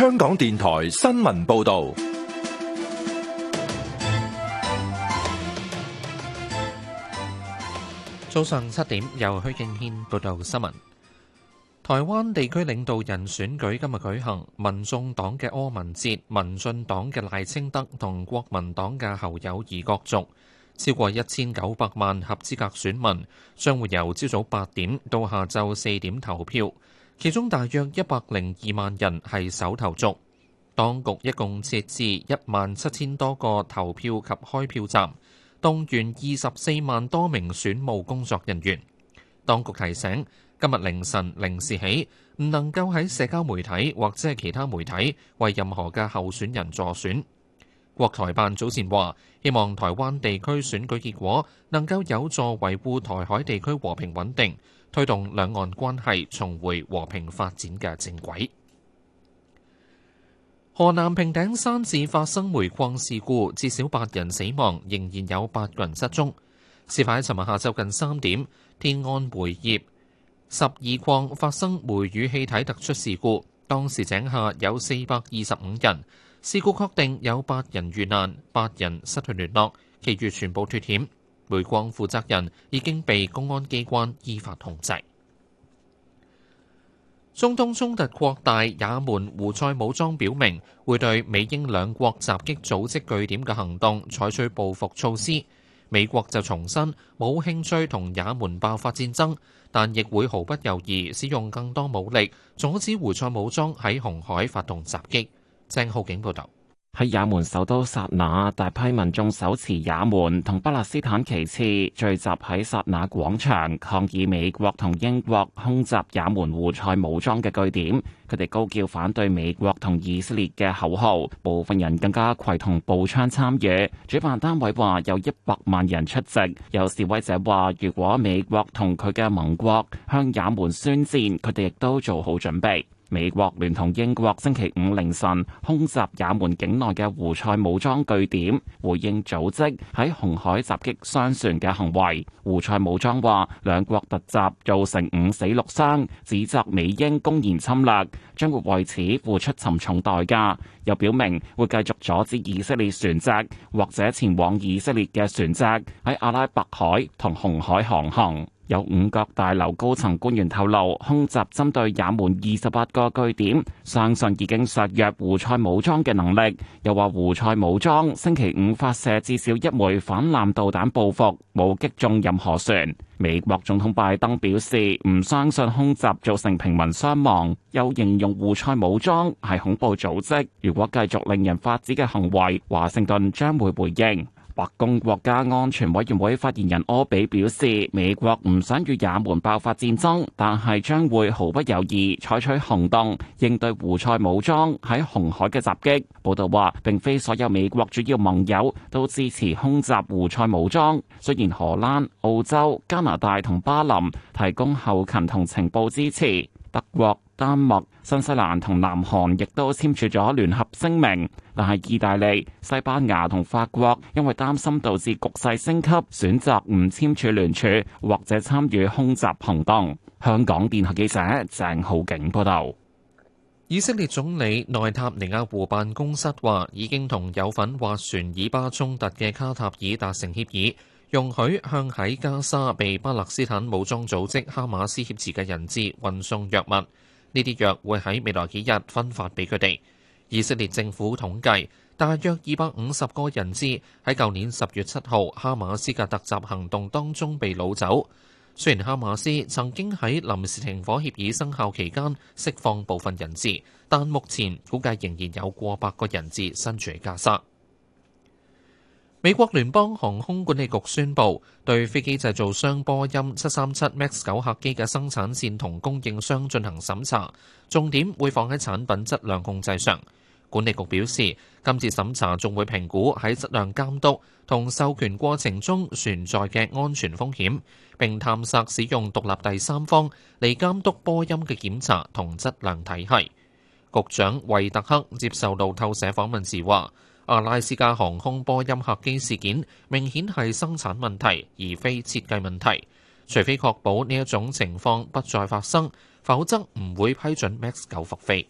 香港電台新聞報道，早上七點，由許敬軒報道新聞。台灣地區領導人選舉今日舉行，民眾黨嘅柯文哲、民進黨嘅賴清德同國民黨嘅侯友宜角逐。超過一千九百萬合資格選民將會由朝早八點到下晝四點投票。其中大約一百零二萬人係首投族。當局一共設置一萬七千多個投票及開票站，動員二十四萬多名選務工作人員。當局提醒，今日凌晨零時起，唔能夠喺社交媒體或者係其他媒體為任何嘅候選人助選。國台辦早前話，希望台灣地區選舉結果能夠有助維護台海地區和平穩定，推動兩岸關係重回和平發展嘅正軌。河南平頂山市發生煤礦事故，至少八人死亡，仍然有八個人失蹤。事發喺尋日下晝近三點，天安煤業十二礦發生煤與氣體突出事故，當時井下有四百二十五人，事故確定有八人遇難，八人失去聯絡，其餘全部脫險。梅光負責人已經被公安機關依法控制。中東衝突擴大，也門胡塞武裝表明會對美英兩國襲擊組織據點嘅行動採取報復措施。美國就重申，冇興趣同也門爆發戰爭，但亦會毫不猶豫使用更多武力阻止胡塞武裝喺紅海發動襲擊，鄭浩景報道。喺也門首都薩那，大批民眾手持也門同巴勒斯坦旗幟，聚集喺薩那廣場抗議美國同英國空襲也門胡塞武裝嘅據點。佢哋高叫反對美國同以色列嘅口號，部分人更加攜同步槍參與。主辦單位話有一百萬人出席，有示威者話如果美國同佢嘅盟國向也門宣戰，佢哋亦都做好準備。美國聯同英國星期五凌晨空襲也門境內嘅胡塞武裝據點，回應組織喺紅海襲擊商船嘅行為。胡塞武裝話，兩國突襲造成五死六傷，指責美英公然侵略，將會為此付出沉重代價。又表明會繼續阻止以色列船隻或者前往以色列嘅船隻喺阿拉伯海同紅海航行。有五角大樓高層官員透露，空襲針對也門二十八個據點，相信已經削弱胡塞武裝嘅能力。又話胡塞武裝星期五發射至少一枚反艦導彈報復，冇擊中任何船。美國總統拜登表示唔相信空襲造成平民傷亡，又形容胡塞武裝係恐怖組織，如果繼續令人發指嘅行為，華盛頓將會回應。白宮國家安全委員會發言人柯比表示，美國唔想與也門爆發戰爭，但係將會毫不猶豫採取行動應對胡塞武裝喺紅海嘅襲擊。報道話，並非所有美國主要盟友都支持空襲胡塞武裝，雖然荷蘭、澳洲、加拿大同巴林提供後勤同情報支持，德國。丹麥、新西蘭同南韓亦都簽署咗聯合聲明，但係意大利、西班牙同法國因為擔心導致局勢升級，選擇唔簽署聯署或者參與空襲行動。香港電台記者鄭浩景報道。以色列總理內塔尼亞胡辦公室話，已經同有份斡旋以巴衝突嘅卡塔爾達成協議，容許向喺加沙被巴勒斯坦武裝組織哈馬斯挾持嘅人質運送藥物。呢啲藥會喺未來幾日分發俾佢哋。以色列政府統計，大約二百五十個人質喺舊年十月七號哈馬斯嘅特襲行動當中被擄走。雖然哈馬斯曾經喺臨時停火協議生效期間釋放部分人質，但目前估計仍然有過百個人質身處加沙。美國聯邦航空管理局宣布對飛機製造商波音737 Max 九客機嘅生產線同供應商進行審查，重點會放喺產品質量控制上。管理局表示，今次審查仲會評估喺質量監督同授權過程中存在嘅安全風險，並探索使用獨立第三方嚟監督波音嘅檢查同質量體系。局長惠特克接受路透社訪問時話。阿拉斯加航空波音客機事件明顯係生產問題，而非設計問題。除非確保呢一種情況不再發生，否則唔會批准 Max 九復飛。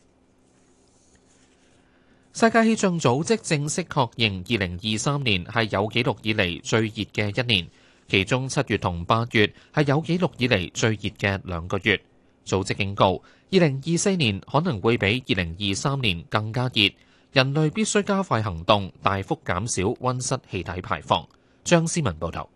世界氣象組織正式確認，二零二三年係有記錄以嚟最熱嘅一年，其中七月同八月係有記錄以嚟最熱嘅兩個月。組織警告，二零二四年可能會比二零二三年更加熱。人類必須加快行動，大幅減少溫室氣體排放。張思文報道，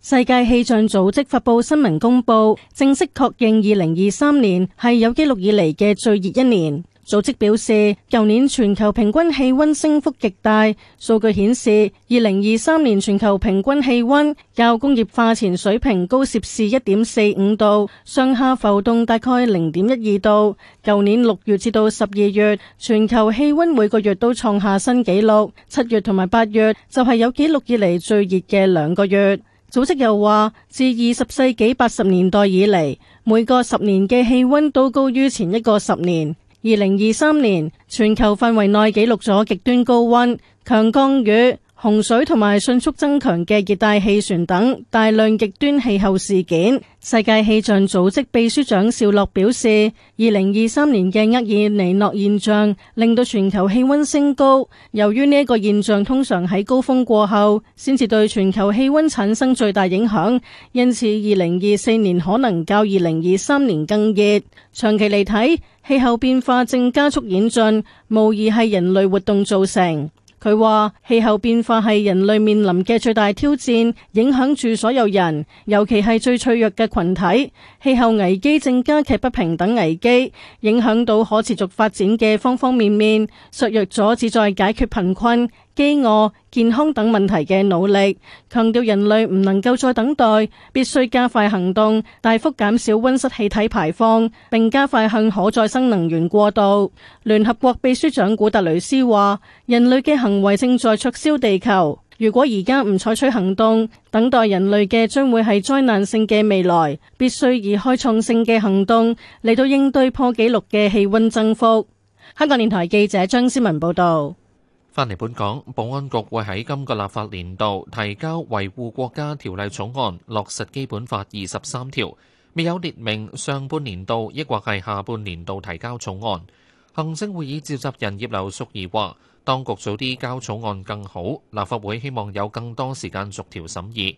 世界氣象組織發佈新聞公報，正式確認二零二三年係有紀錄以嚟嘅最熱一年。組織表示，舊年全球平均氣溫升幅極大。數據顯示，二零二三年全球平均氣溫較工業化前水平高攝氏一點四五度，上下浮動大概零點一二度。舊年六月至到十二月，全球氣溫每個月都創下新紀錄。七月同埋八月就係有紀錄以嚟最熱嘅兩個月。組織又話，自二十世紀八十年代以嚟，每個十年嘅氣溫都高於前一個十年。二零二三年全球範圍內記錄咗極端高溫、強降雨。洪水同埋迅速增強嘅熱帶氣旋等大量極端氣候事件，世界氣象組織秘書長紹洛表示：二零二三年嘅厄爾尼諾現象令到全球氣溫升高。由於呢一個現象通常喺高峰過後，先至對全球氣溫產生最大影響，因此二零二四年可能較二零二三年更熱。長期嚟睇，氣候變化正加速演進，無疑係人類活動造成。佢話：氣候變化係人類面臨嘅最大挑戰，影響住所有人，尤其係最脆弱嘅群體。氣候危機正加劇不平等危機，影響到可持續發展嘅方方面面，削弱咗旨在解決貧困、飢餓、健康等問題嘅努力，強調人類唔能夠再等待，必須加快行動，大幅減少溫室氣體排放，並加快向可再生能源過渡。聯合國秘書長古特雷斯話：人類嘅行為正在灼燒地球，如果而家唔採取行動，等待人類嘅將會係災難性嘅未來。必須以開創性嘅行動嚟到應對破紀錄嘅氣溫增幅。香港電台記者張思文報道。翻嚟本港，保安局會喺今個立法年度提交維護國家條例草案，落實基本法二十三條，未有列明上半年度抑或係下半年度提交草案。行政會議召集人葉劉淑儀話當局早啲交草案更好，立法會希望有更多時間逐條審議。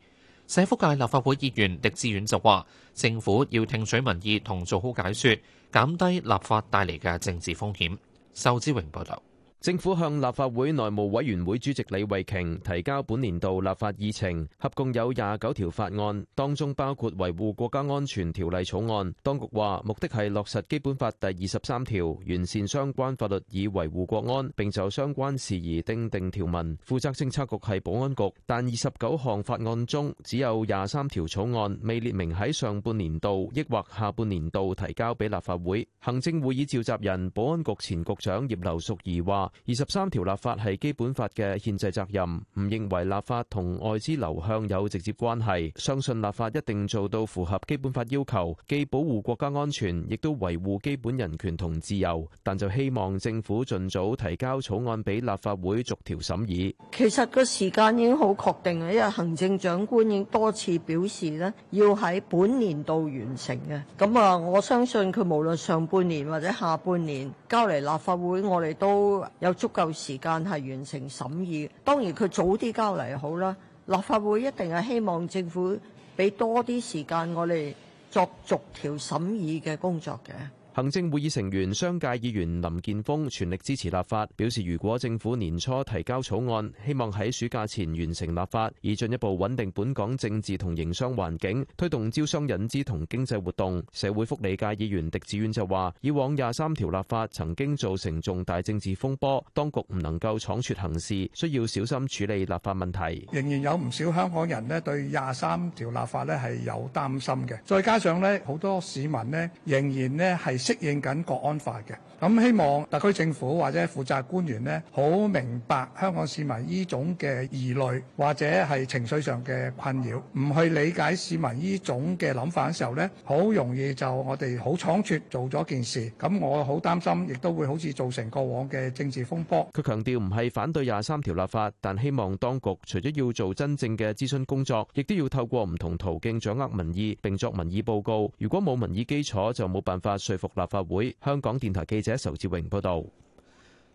社福界立法會議員狄志遠就話政府要聽取民意同做好解說，減低立法帶嚟嘅政治風險，仇之榮報道。政府向立法會內務委員會主席李慧瓊提交本年度立法議程，合共有廿九條法案，當中包括維護國家安全條例草案。當局話，目的係落實基本法第二十三條，完善相關法律以維護國安，並就相關事宜訂定條文。負責政策局係保安局，但二十九項法案中只有廿三條草案未列明喺上半年度抑或下半年度提交俾立法會。行政會議召集人保安局前局長葉劉淑儀話。二十三條立法係基本法嘅憲制責任，唔認為立法同外資流向有直接關係，相信立法一定做到符合基本法要求，既保護國家安全，亦都維護基本人權同自由。但就希望政府盡早提交草案俾立法會逐條審議。其實個時間已經好確定啦，因為行政長官已經多次表示呢要喺本年度完成嘅。咁啊，我相信佢無論上半年或者下半年交嚟立法會，我哋都。有足夠時間係完成審議，當然佢早啲交嚟好啦。立法會一定係希望政府俾多啲時間我哋作逐條審議嘅工作嘅。行政會議成員、商界議員林健鋒全力支持立法，表示如果政府年初提交草案，希望喺暑假前完成立法，以進一步穩定本港政治同營商環境，推動招商引資同經濟活動。社會福利界議員狄志遠就話，以往廿三條立法曾經造成重大政治風波，當局唔能夠倉促行事，需要小心處理立法問題。仍然有唔少香港人咧對廿三條立法咧係有擔心嘅，再加上咧好多市民咧仍然咧係，適應緊國安法嘅，咁希望特區政府或者負責官員呢，好明白香港市民依種嘅疑慮或者係情緒上嘅困擾，唔去理解市民依種嘅諗法嘅時候呢，好容易就我哋好倉促做咗件事，咁我好擔心，亦都會好似造成過往嘅政治風波。佢強調唔係反對廿三條立法，但希望當局除咗要做真正嘅諮詢工作，亦都要透過唔同途徑掌握民意，並作民意報告。如果冇民意基礎，就冇辦法說服立法會，香港電台記者仇志榮報道。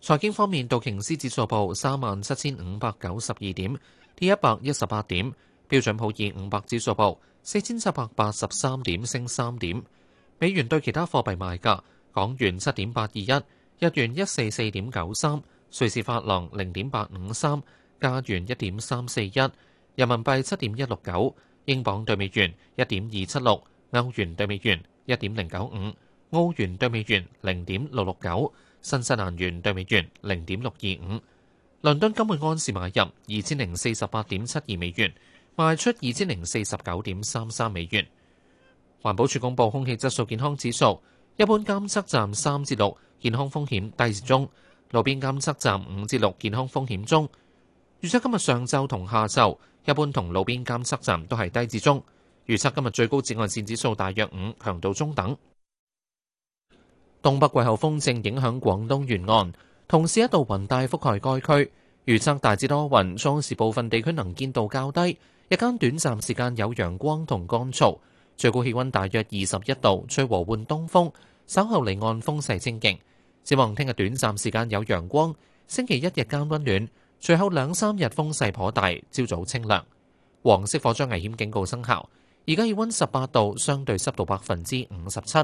財經方面，道瓊斯指數報三萬七千五百九十二點跌一百一十八點；標準普爾五百指數報四千七百八十三點升三點。美元對其他貨幣賣價：港元七點八二一，日元一四四點九三，瑞士法郎零點八五三，加元一點三四一，人民幣七點一六九，英鎊對美元一點二七六，歐元對美元一點零九五。歐元兌美元零點六六九，新西蘭元兌美元零點六二五。倫敦金每安士買入二千零四十八點七二美元，賣出二千零四十九點三三美元。環保署公布空氣質素健康指數，一般監測站三至六，健康風險低至中；路邊監測站五至六，健康風險中。預測今日上晝同下晝，一般同路邊監測站都係低至中。預測今日最高紫外線指數大約五，強度中等。東北季候風正影響廣東沿岸，同時一道雲帶覆蓋該區，預測大致多雲，稍時部分地區能見度較低，日間短暫時間有陽光同乾燥，最高氣溫大約二十一度，吹和緩東風，稍後離岸風勢清勁。展望聽日短暫時間有陽光，星期一日間溫暖，隨後兩三日風勢頗大，朝早清涼。黃色火災危險警告生效，而家氣溫十八度，相對濕度百分之五十七。